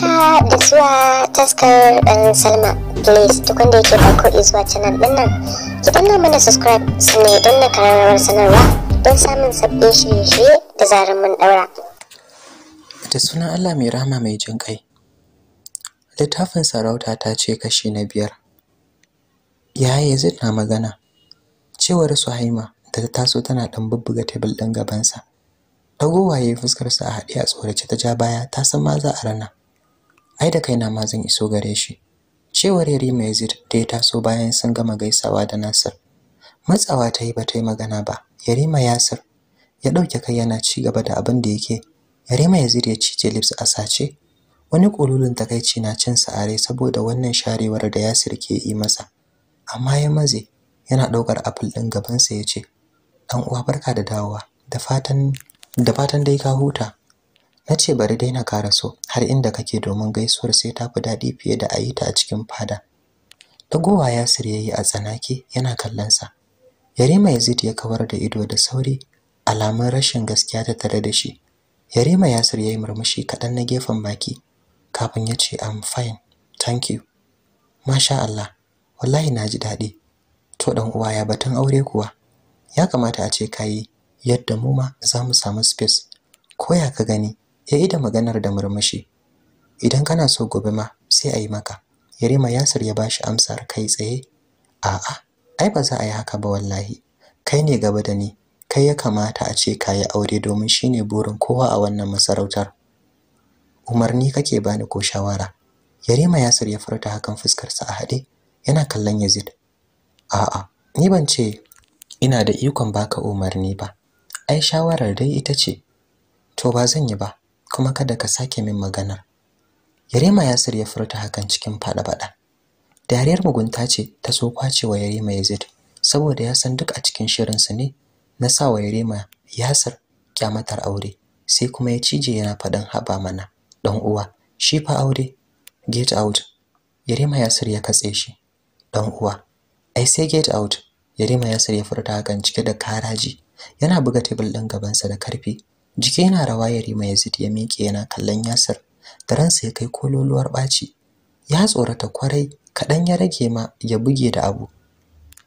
haka ah, da zuwa taskar ɗan um, salma please duk wanda yake farko izuwa canal ɗin nan ki danna mana subscribe sannan don na kararrawar sanarwa don samun sabbin shirye-shirye da zarar mun ɗaura da sunan allah mai rama mai jin ƙai littafin sarauta ta ce kashi na biyar ya yazid na magana cewar suhaima da ta taso tana ɗan bubbuga tebul ɗin gabansa dagowa ya yi fuskarsa a haɗe a tsorace ta ja baya ta san ma za a rana ai da kaina ma zan iso gare shi cewar Yarima Yazid da ya taso bayan sun gama gaisawa da Nasir matsawa ta yi ba ta yi magana ba Yarima Yasir ya dauke kai yana ci gaba da abin da yake Yarima Yazid ya cije lips a sace wani kululun takaici na cin sa are saboda wannan sharewar da Yasir ke yi masa amma ya maze yana daukar apple din gaban sa ce. dan uwa barka da dawowa da fatan da fatan dai ka huta na ce bari dai na so har inda kake domin gaisuwar sai ta fi daɗi fiye da a yi ta a cikin fada dagowa ya siryayi a tsanaki yana kallonsa yarima yazid ya kawar da ido da sauri alamun rashin gaskiya ta tare da shi yarima ya yi murmushi kaɗan na gefen baki kafin ya ce i'm fine thank you masha allah wallahi na ji daɗi to ɗan uwa ya batun aure kuwa ya kamata a ce ka yi, yadda mu ma za mu samu space ko ya ka gani ya yi maganar da murmushi idan kana so gobe ma sai a yi maka yarima yasir ya bashi amsar kai tsaye a'a ai ba za a yi haka ba wallahi kai ne gaba da ni kai ya kamata a ce ka yi aure domin shine burin kowa a wannan masarautar umarni kake bani ko shawara yarima yasir ya furta hakan fuskarsa a haɗe yana kallon yazid a'a ni ban ce ina da ikon baka umarni ba ai shawarar dai ita ce to ba zan yi ba kuma kada ka sake min maganar Yarima Yasir ya furta hakan cikin faɗa-faɗa. Dariyar mugunta ce ta so wa Yarima Yazid saboda ya san duk a cikin shirin shirinsa ne na sa wa Yarima Yasir kyamatar aure sai kuma ya cije yana faɗin haba mana dan uwa shi fa aure get out Yarima Yasir ya katse shi dan uwa ai sai get out Yarima Yasir ya furta hakan cike da karaji yana buga tebul ɗin gabansa da karfi jiki yana da wayari mai yazid ya miƙe yana kallon yasir da ransa ya kai kololuwar ɓaci ya tsorata kwarai kaɗan ya rage ma ya buge da abu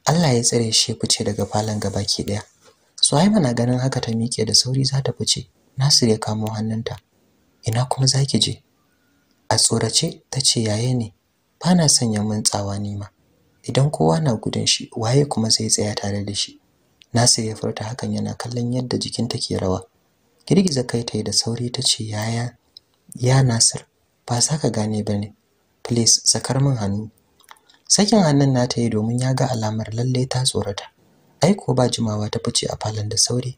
allah ya tsare shi ya fice daga falon gaba ke ɗaya suhaima na ganin haka ta miƙe da sauri za ta fice nasir ya kamo hannunta ina kuma za ki je a tsorace ta ce yaye ne ba na sanya min tsawa nima idan kowa na gudun shi waye kuma zai tsaya tare da shi nasir ya furta hakan yana kallon yadda jikinta ke rawa girgiza kai ta yi da sauri ta ce yaya ya nasir ba za ka gane ba ne please sakar min hannu sakin hannun nata yi domin ya ga alamar lalle ta tsorata aiko ba jimawa ta fice a falon da sauri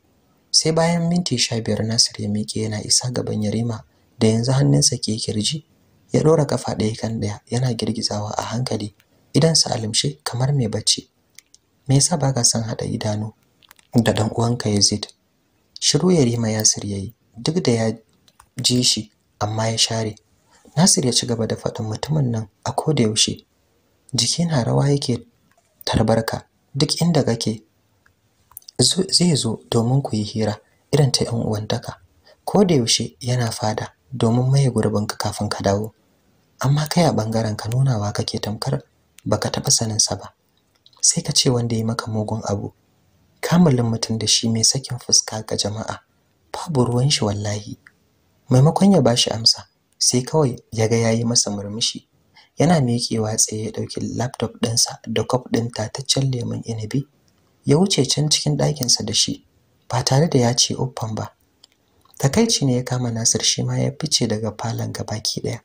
sai bayan minti sha biyar nasir ya miƙe yana isa gaban yarima da yanzu hannunsa ke kirji ya ɗora kafa ɗaya kan ɗaya yana girgizawa a hankali Idan idansa alimshe kamar mai bacci me yasa ka son haɗa idanu da ɗan uwanka ya Yazid Shiru Yarima Yasir ya yi, duk da ya ji shi amma ya share. Nasir ya ci gaba da faɗin mutumin nan a koda yaushe. Jiki na rawa yake tarbarka duk inda kake. Zai zo domin ku yi hira irin ta ‘yan uwantaka. Ko da yaushe yana fada domin maye gurbinka kafin ka dawo. Amma kai a ɓangaren ka nunawa kake tamkar baka taɓa saninsa ba. Sai ka ce wanda ya maka mugun abu kamalin mutum da shi mai sakin fuska ga jama'a babu ruwan shi wallahi maimakon ya bashi amsa sai kawai ya ga yayi masa murmushi yana miƙewa tsaye ya ɗauki laptop ɗinsa da kwaf ɗin tataccen lemun inabi ya wuce can cikin ɗakinsa da shi ba tare da ya ce uffan ba takaici ne ya kama nasir shi ma ya fice daga falon gabaki ɗaya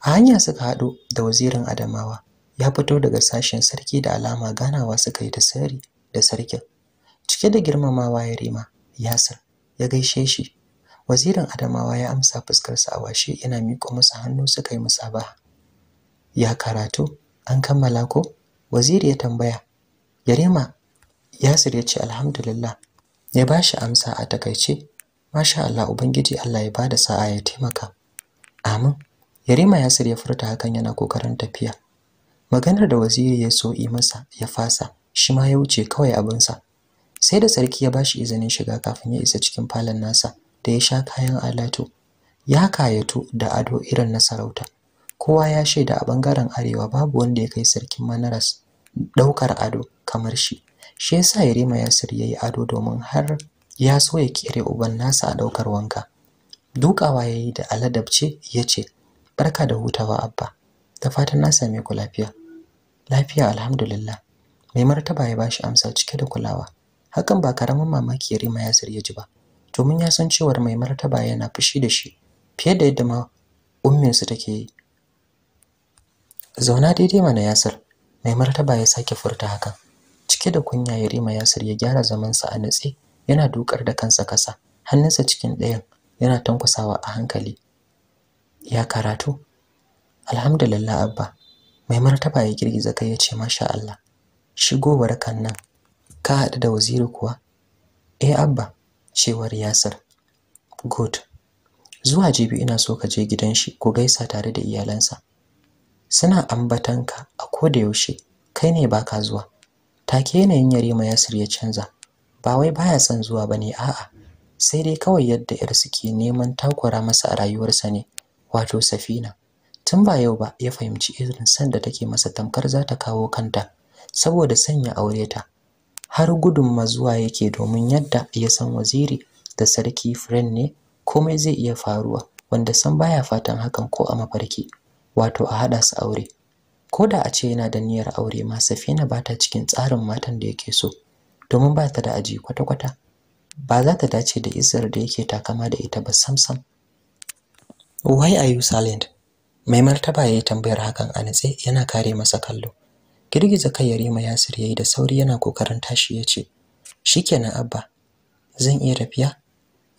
a hanya suka haɗu da wazirin adamawa ya fito daga sashen sarki da alama ganawa suka yi da sari da sarkin cike da girmamawa ya rima yasir ya gaishe shi wazirin adamawa ya amsa fuskarsa a washe yana miƙo masa hannu suka yi musabaha ya karatu an kammala ko waziri ya tambaya yarima yasir ya ce alhamdulillah ya ba shi amsa a takaice masha Allah ubangiji Allah ya bada sa'a ya taimaka amin yarima yasir ya furta hakan yana kokarin tafiya maganar da waziri ya so yi masa ya fasa shi ma ya wuce kawai abinsa sai da sarki ya bashi izinin shiga kafin ya isa cikin falon nasa da ya sha kayan alato ya kayatu da ado irin na sarauta kowa ya shaida a bangaren arewa babu wanda ya kai sarkin manaras ɗaukar ado kamar shi shi yasa yarima yasir yayi ado domin har ya so ya kere uban nasa a ɗaukar wanka dukawa yayi da aladabce ce, barka da hutawa abba ta fatan na same ku lafiya lafiya alhamdulillah mai martaba ya bashi amsa cike da kulawa hakan ba karamin mamaki Yarima Yasir ya ji ba domin ya san cewar mai martaba yana fushi da shi fiye da yadda ma su take yi zauna daidai mana Yasir mai martaba ya sake furta hakan cike da kunya Yarima Yasir ya gyara sa a natse yana dukar da kansa kasa hannunsa cikin ɗayan yana tankusawa a hankali ya karatu alhamdulillah abba mai martaba ya girgiza kai ya ce masha Allah shigowar kan nan. ka haɗu da waziri kuwa eh abba cewar yasir good zuwa jibi ina so ka je gidan shi ku gaisa tare da iyalansa suna ambatanka a koda yaushe kai ne baka zuwa take yanayin yarima yasir ya canza ba wai baya son zuwa bane a'a sai dai kawai yadda yar suke neman takura masa a rayuwarsa ne wato safina tun ba yau ba ya fahimci irin san da take masa tamkar za ta kawo kanta saboda sanya aure ta har gudun mazuwa yake domin yadda ya san waziri da sarki friend ne komai zai iya faruwa wanda san baya fatan hakan ko a mafarki wato a hada su aure ko da a ce yana da niyyar aure ma Safina ba ta cikin tsarin matan da yake so domin ba ta da aji kwata-kwata ba za ta dace da izzar da yake takama da ita ba samsam why are you silent mai martaba ya yi tambayar hakan a natse yana kare masa kallo girgiza kai Yarima Yasir yayi da sauri yana kokarin tashi yace shikenan abba zan iya tafiya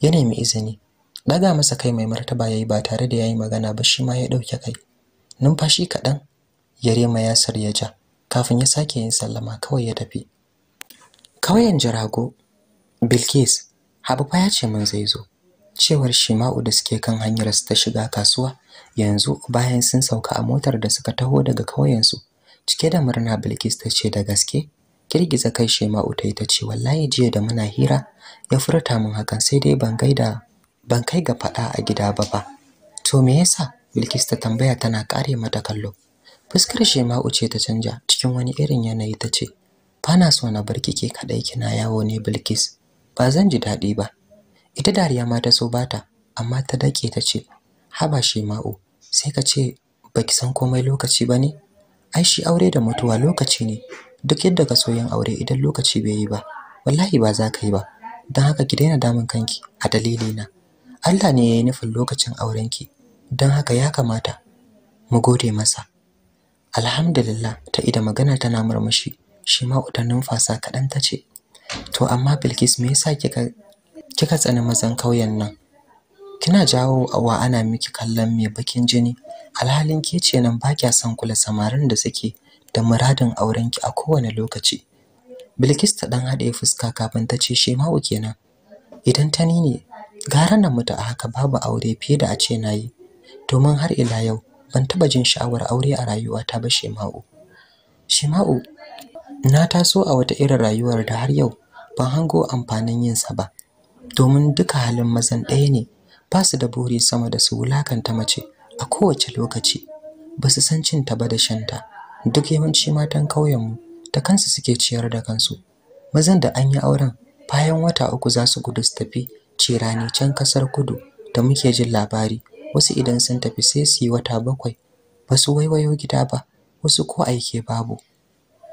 ya nemi izini daga masa kai mai martaba yayi ba tare da yayi magana ba shi ma ya dauke kai numfashi kadan Yarima Yasir ya ja kafin ya sake yin sallama kawai ya tafi kauyen Jirago Bilkis Habiba ya ce mun zai zo cewar Shima'u da suke kan hanyar su ta shiga kasuwa yanzu bayan sun sauka a motar da suka taho daga kauyensu cike da murna Bilkis ta ce da gaske girgiza kai Shema'u ta yi ta ce wallahi jiya da muna hira ya furta mun hakan sai dai ban gaida ban kai ga faɗa a gida ba ba to me yasa Bilkis ta tambaya tana kare mata kallo fuskar Shema'u ce ta canja cikin wani irin yanayi ta ce ba na so na bar kike kaɗai kina yawo ne Bilkis ba zan ji daɗi ba ita dariya ma ta so bata amma ta dake ta ce haba Shema'u sai ka ce baki san komai lokaci bane ai shi aure da mutuwa lokaci ne duk yadda ka so yin aure idan lokaci bai yi ba wallahi ba za ka yi ba don haka ki daina damun kanki a dalili na. Allah ne ya yi nufin lokacin aurenki don haka ya kamata mu gode masa alhamdulillah ta ida magana tana murmushi shi ma utan numfasa kaɗan ta ce to amma bilkis me yasa kika kika tsani mazan kauyen nan kina jawo wa ana miki kallon mai bakin jini alhalin ke ce nan ba kya son kula samarin da suke da muradin auren ki a kowane lokaci bilkis ta dan haɗe fuska kafin ta ce shema'u kenan idan ta ni ne gara na mutu a haka babu aure fiye da a ce na yi domin har ila yau ban taɓa jin sha'awar aure a rayuwa ta ba shema'u shema'u na taso a wata irin rayuwar da har yau ban hango amfanin yin sa ba domin duka halin mazan ɗaya ne ba su da buri sama da su wulakanta mace a kowace lokaci ba su san cinta ba da shanta duk yawanci matan ƙauyenmu ta kansu suke ciyar da kansu mazan da an yi auren bayan wata uku za su gudu su tafi cirani can kasar kudu da muke jin labari wasu idan sun tafi sai su yi wata bakwai ba su waiwayo gida ba wasu ko aike babu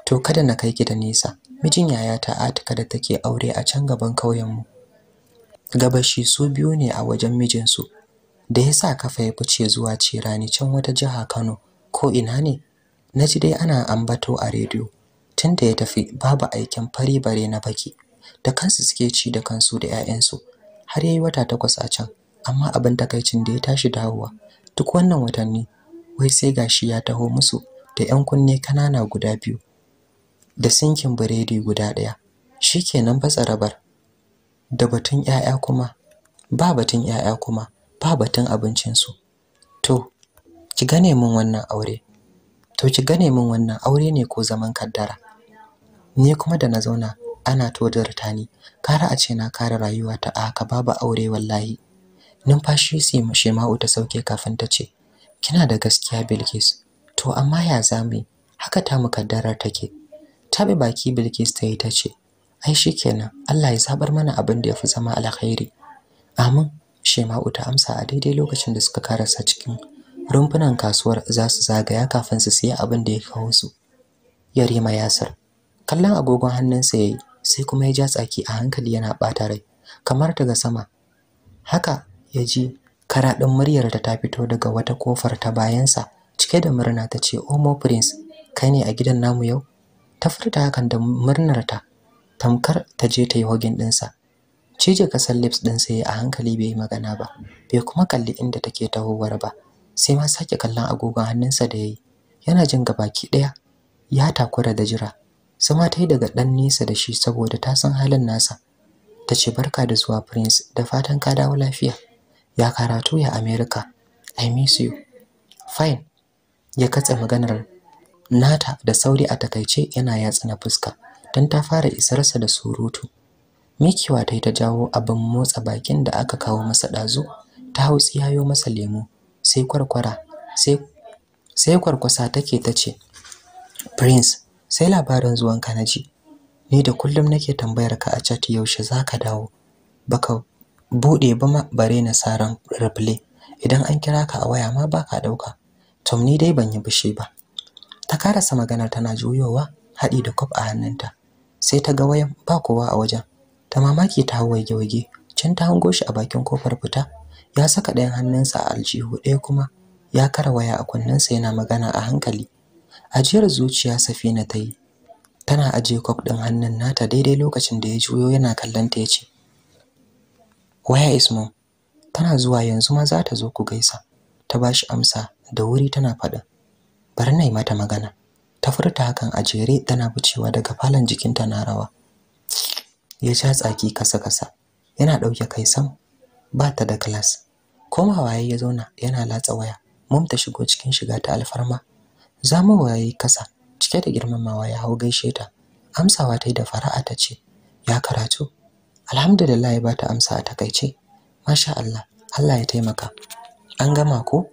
to kada na kai gida nesa mijin yayata Atika da take aure a can gaban ƙauyenmu gabashi su biyu ne a wajen mijinsu da ya sa kafa ya fice zuwa cirani can wata jiha Kano ko ina ne na ji dai ana ambato a rediyo tunda ya tafi babu aikin fari bare na baki da kansu suke ci da kansu da 'ya'yansu har yayi wata takwas a can amma abin takaicin da ya tashi dawowa duk wannan watanni wai sai gashi ya taho musu da 'yan kunne kanana guda biyu da sinkin biredi guda ɗaya shikenan ba tsarabar da batun 'ya'ya kuma ba batun 'ya'ya kuma ba batun abincinsu to ki gane min wannan aure to ki gane min wannan aure ne ko zaman kaddara ni kuma da na zauna ana todarta da ni kara a ce na kare rayuwa ta a haka babu aure wallahi numfashi sai shema'u ta sauke kafin ta ce kina da gaskiya Bilkis to amma ya zame, haka ta mu kaddarar take bi baki Bilkis ta yi ta ce ai shikenan Allah ya sabar mana abin da ya fi zama alkhairi amin Shema'u ta amsa a daidai lokacin da suka karasa cikin rumfunan kasuwar za su zagaya kafin su siya abin da ya kawo su. Yarima Yasir kallon agogon hannunsa yayi sai kuma ya ja tsaki a hankali yana ɓata rai kamar daga sama. Haka ya ji karaɗin muryar da ta fito daga wata kofar ta bayansa cike da murna ta ce Omo Prince kai ne a gidan namu yau? Ta furta hakan da murnarta tamkar ta je ta yi hogin ɗinsa. cije kasar lips din sai a hankali bai magana ba bai kuma kalli inda take tahowar ba sai ma sake kallon agogon hannunsa da yayi yana jin gabaki daya ya takura da jira sama tai daga dan nesa da shi saboda ta san halin nasa ta ce barka da zuwa prince da fatan ka dawo lafiya ya karatu ya america i miss you fine ya katse maganar nata da sauri a takaice yana yatsa na fuska don ta fara isarsa da surutu Mikiwa ta yi ta jawo abin motsa bakin da aka kawo masa ɗazu, ta hau tsiyayo masa lemu sai kwarkwara, sai kwarkwasa take ta ce, Prince, sai labarin zuwan ka naji Ni da kullum nake tambayar ka a chat yaushe za ka dawo. Baka buɗe ba ma bare na saran replay. Idan an kira ka a waya ma baka ɗauka. Tom ni dai ban yi bishe ba. Ta karasa maganar tana juyowa haɗi da kwaf a hannunta. Sai ta ga wayan ba kowa a wajen. da mamaki ta hau wage-wage can ta hango shi a bakin kofar fita ya saka ɗayan hannunsa a aljihu ɗaya kuma ya kara waya a sa yana magana a hankali ajiyar zuciya safina ta yi tana ajiye kwaf ɗin hannun nata daidai lokacin da ya juyo yana kallon ta ya ce waya Ismo tana zuwa yanzu ma za ta zo ku gaisa ta bashi amsa da wuri tana faɗin bari na yi mata magana ta furta hakan a jere tana bucewa daga falon jikinta na rawa ya ja tsaki kasa-kasa yana ɗauke kai sam ba ta da class komawa waye ya zauna yana latsa waya mum ta shigo cikin shiga ta alfarma Za mu waye kasa cike da girmamawa ya hau gaishe ta amsawa ta yi da fara'a ta ce ya karatu alhamdulillah ya bata amsa a takaice masha Allah Allah ya taimaka an gama ko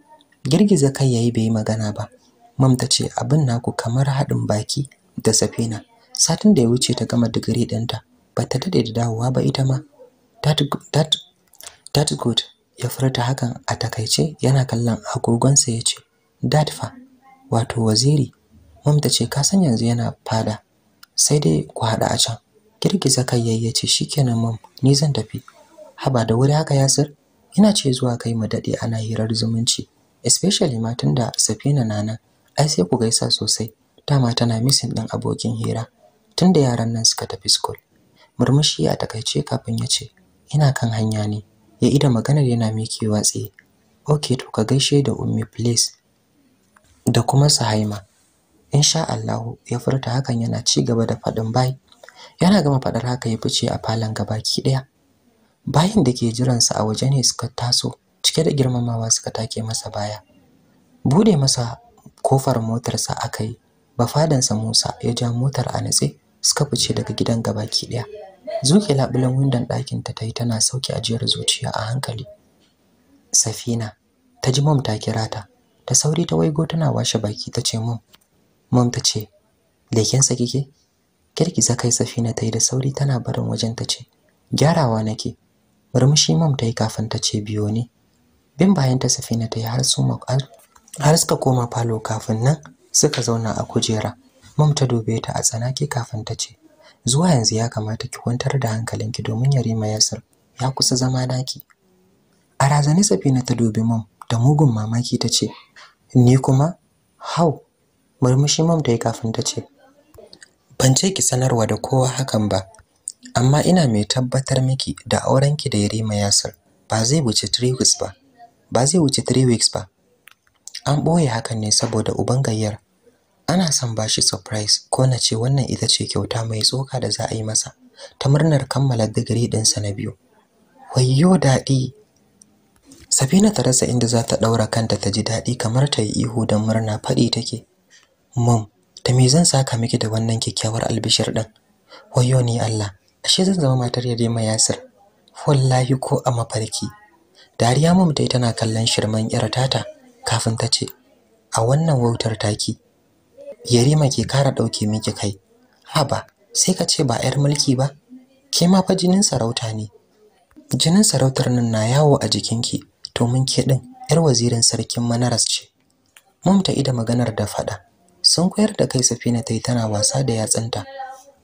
girgiza kai yayi bai magana ba Mum ta ce abin naku kamar haɗin baki da safina satin da ya wuce ta gama digiri ɗinta ba ta daɗe da dawowa ba ita ma that good ya furta hakan a takaice yana kallon agogonsa ya ce dad fa wato waziri mum ta ce san yanzu yana fada sai dai ku haɗu a can girgiza kai yayye shi ce shikenan mum ni zan tafi haba da wuri haka yasir ina ce zuwa kai mu daɗe ana hirar zumunci especially ma tunda safina nana ai sai ku gaisa sosai dama tana missing ɗin abokin hira tunda yaran nan suka tafi school murmushi a takaice kafin ya ce ina kan hanya ne ya ida maganar yana mikewa watsi. oke to ka gaishe da ummi please da kuma sahaima insha Allah ya furta hakan yana ci gaba da fadin bai yana gama fadar haka ya fice a falon ki daya bayin da ke jiransa a waje ne suka taso cike da girmamawa suka take masa baya bude masa kofar motarsa akai bafadansa Musa ya ja motar a natse suka fice daga gidan gabaki daya zuke labulan windon ɗakin ta tayi tana sauki ajiyar zuciya a hankali safina ta ji mom ta kira ta ta sauri ta waigo tana washe baki ta ce mom mom ta ce sa kike kirkiza kai safina ta yi da sauri tana barin wajen ta ce gyarawa nake murmushi mom ta yi kafin ta ce biyo ne bin bayan ta safina ta yi har su har suka koma falo kafin nan suka zauna a kujera Mom ta dube ta a tsanake kafin ta ce, "Zuwa yanzu ya kamata ki kwantar da hankalinki domin Yarima Yasir ya kusa zama naki." A razane Safina ta dubi Mom da mugun mamaki ta ce, "Ni kuma? Hau!" Murmushi Mom ta yi kafin ta ce, "Ban ce ki sanarwa da kowa hakan ba, amma ina mai tabbatar miki da aurenki da ya Yasir ba zai wuce 3 weeks ba." Ba zai wuce 3 weeks ba. An ɓoye hakan ne saboda uban gayyar ana son bashi surprise ko na ce wannan ita ce kyauta mai tsoka da za a yi masa ta murnar kammala digiri ɗinsa na biyu wayyo daɗi Safina ta rasa inda za ta ɗaura kanta ta ji daɗi kamar ta yi ihu da murna faɗi take. Mom, ta me zan saka miki da wannan kyakkyawar albishir ɗin? Wayo ni Allah, ashe zan zama matar mai Yasir. Wallahi ko a mafarki. Dariya mom dai tana kallon shirman yar tata kafin ta ce, "A wannan wautar taki, Yarima ke kara dauke miki kai. Haba, sai ka ce ba 'yar mulki ba. Ke ma fa jinin sarauta ne. Jinin sarautar nan na yawo a jikinki, to mun ke din 'yar wazirin sarkin Manaras ce. ta ida maganar da fada. Sun koyar da kai Safina tai tana wasa da yatsanta.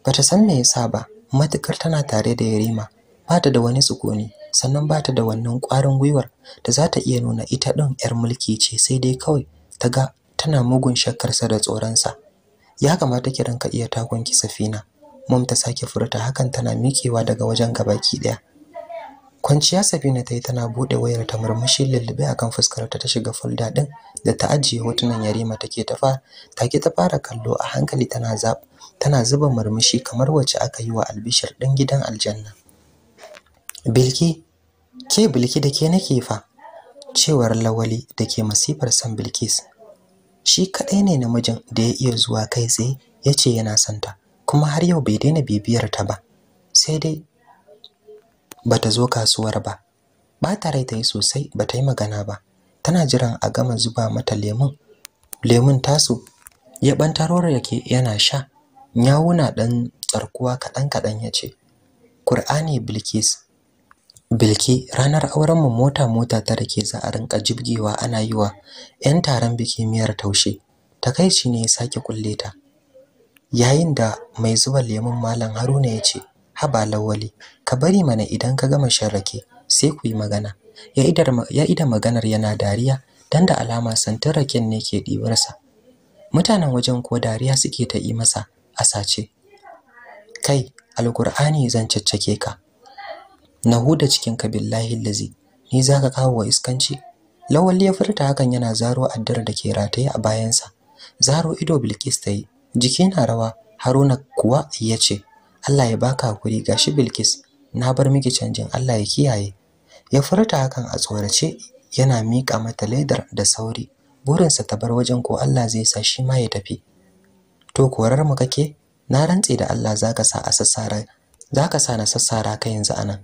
Bata san me yasa ba, matukar tana tare da Yarima, bata da wani tsukuni, sannan bata da wannan ƙwarin gwiwar da za ta iya nuna ita din 'yar mulki ce sai dai kawai ta ga tana mugun shakkarsa da tsoronsa ya kamata ki ranka iya takon ki safina mom ta sake furta hakan tana mikewa daga wajen gabaki daya kwanciya safina tayi tana buɗe wayar ta murmushi lullube akan fuskar ta ta shiga folder din da ta ajiye hotunan yarima take ta take ta fara kallo a hankali tana zab tana zuba murmushi kamar wacce aka yi wa albishir ɗin gidan aljanna bilki ke bilki da ke nake fa cewar lawali da ke masifar san bilkis shi kaɗai ne namijin da ya iya zuwa kai tsaye ya ce yana son ta kuma har yau bai daina bibiyar ta ba sai dai ba ta zo kasuwar ba bata rai ta yi sosai ba ta yi magana ba tana jiran a gama zuba mata lemun lemun tasu ya da ke yana sha yawuna ɗan tsarkuwa kaɗan kaɗan ya ce Kur'ani Bilkis bilki ranar auren mu mota mota ta rake za a rinka jibgewa ana yi wa 'yan taron biki miyar taushe takaici ne ya sake kulle ta yayin da mai zuba lemun malam haruna ya ce haba lawali ka bari mana idan ka gama shan rake sai ku yi magana ya ida maganar yana dariya dan da alama santin raken ne ke ɗibarsa mutanen wajen ko dariya suke ta yi masa a sace kai alkur'ani zan caccake ka na huda cikinka billahi lazi ni zaka kawo wa iskanci lawali ya furta hakan yana zaro addar da ke rataye a bayansa zaro ido bilkis ta jiki na rawa haruna kuwa yace. allah ya baka hakuri gashi bilkis na bar miki canjin allah ya kiyaye ya furta hakan a tsorace yana mika mata ledar da sauri burinsa ta bar wajen ko allah zai sa shi ma ya tafi to korar mu kake na rantse da allah zaka sa asassara zaka sa na sassara kai yanzu anan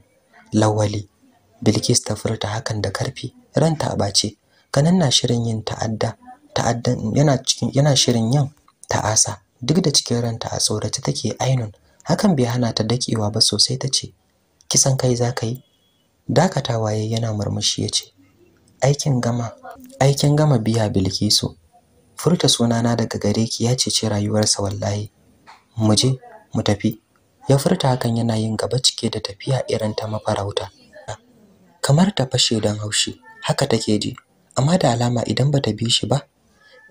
Lawali. Bilkis ta furta hakan da karfi, ranta a bace Kanan na shirin yin ta'adda, ta'addan yana cikin yana shirin yin ta'asa. Duk da cikin ranta a tsorace take ainun, hakan bai hana ta dakewa ba sosai tace, kisan kai za yi? Dakatawa yayi yana murmushi yace, aikin gama, aikin gama biya Bilkisu. Furta sunana daga gareki ki ya ceci rayuwarsa wallahi. Mu je mu tafi ya furta hakan yana yin gaba cike da tafiya irin ta mafarauta kamar ta fashe don haushi haka take ji amma da alama idan bata bi shi ba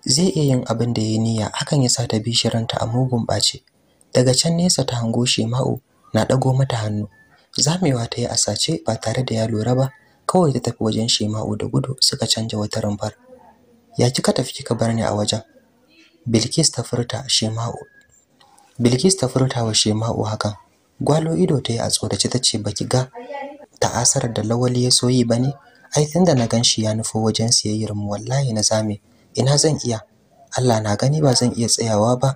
zai iya yin abin da ya niyya hakan yasa ta bi shi ranta a mugun bace daga can nesa ta hango Shema'u na ɗago mata hannu zamewa ta yi a sace ba tare da ya lura ba kawai ta tafi wajen Shema'u da gudu suka canja wata rumfar ya kika tafi kika bar ni a wajen Bilkis ta furta Shema'u Bilkis ta furta wa Shema'u hakan. Gwalo ido ta yi a tsorace ta ce baki ga ta'asar da Lawali ya soyi ba ne? Ai tunda na gan shi ya nufo wajen siyayyar mu wallahi na zame. Ina zan iya? Allah na gani ba zan iya tsayawa ba.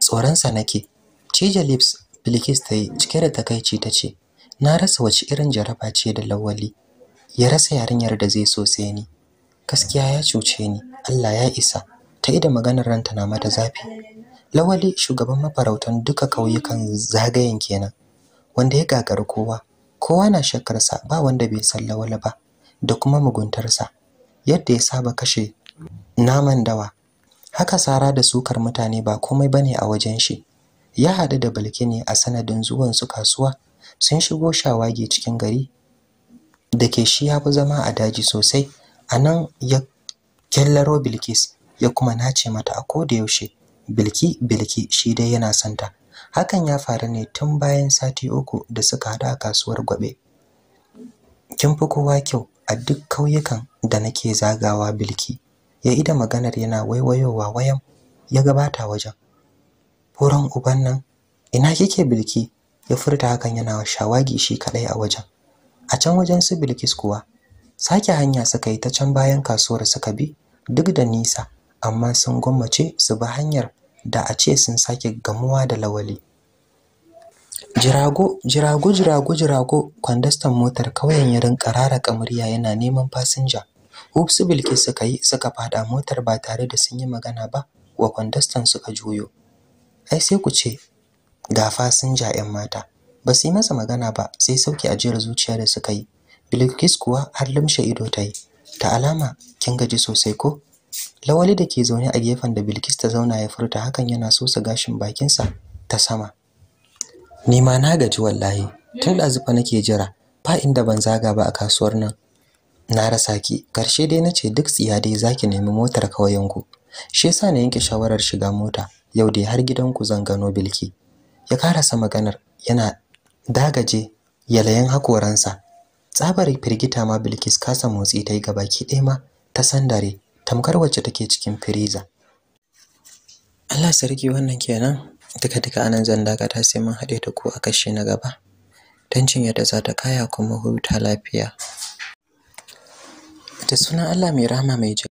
Tsoronsa nake. Cija lips Bilkis ta yi cike da takaici ta ce, Na rasa wace irin jaraba ce da Lawali. Ya rasa yarinyar da zai so sai ni. Gaskiya ya cuce ni. Allah ya isa. Ta da maganar ranta na mata zafi. Lawali shugaban mafarautan duka kauyukan zagayen kenan wanda ya gagari kowa. Kowa na shakkarsa ba wanda bai san Lawali ba da kuma muguntarsa yadda ya saba kashe naman dawa. Haka Sara da sukar mutane ba komai bane a wajen shi. Ya haɗu da balkini a sanadin zuwan su kasuwa sun shigo shawagi cikin gari da ke shi ya fi zama a daji sosai a nan ya kyallaro Bilkis ya kuma nace mata a koda yaushe bilki bilki shi dai yana santa hakan ya faru ne tun bayan sati uku da suka haɗu a kasuwar gwabe kin fi kowa kyau a duk kauyukan da nake zagawa bilki ya ida maganar yana waiwayowa wayan ya gabata wajen furan uban nan ina kike bilki ya furta hakan yana shawagi shi kadai a wajen a can wajen su bilkis kuwa sake hanya suka yi ta can bayan kasuwar suka bi duk da nisa amma sun gwammace su bi hanyar da a ce sun sake gamuwa da lawali jirago jirago jirago jirago kwandastan motar kauyen ya rinka rara yana neman fasinja Hupsu bilki suka yi suka fada motar ba tare da sun yi magana ba wa kwandastan suka juyo ai sai ku ce ga fasinja 'yan mata ba su yi masa magana ba sai sauki jiyar zuciya da suka yi Bilkis kuwa har limshe ido ta yi ta alama kin gaji sosai ko Lawali da ke zaune a gefen da Bilkis ta zauna ya furta hakan yana sosa gashin bakinsa ta sama. Ni ma na gaji wallahi, tun ɗazufa nake jira, ba inda ban zaga ba a kasuwar nan. Na rasa ki, karshe dai na ce duk tsiya dai za ki nemi motar kawayenku. Shi yasa na yanke shawarar shiga mota, yau dai har gidanku zan gano Bilki. Ya karasa maganar yana dagaje yalayen hakoransa. Tsabar firgita ma Bilkis kasa motsi ta yi gabaki ɗaya ma ta sandare tamkar wacce take cikin firiza Allah sarki wannan kenan duka duka anan zan dakata sai mun hade ta ku a kashi na gaba dan cin da za ta kaya kuma huta lafiya da suna Allah mai rahama mai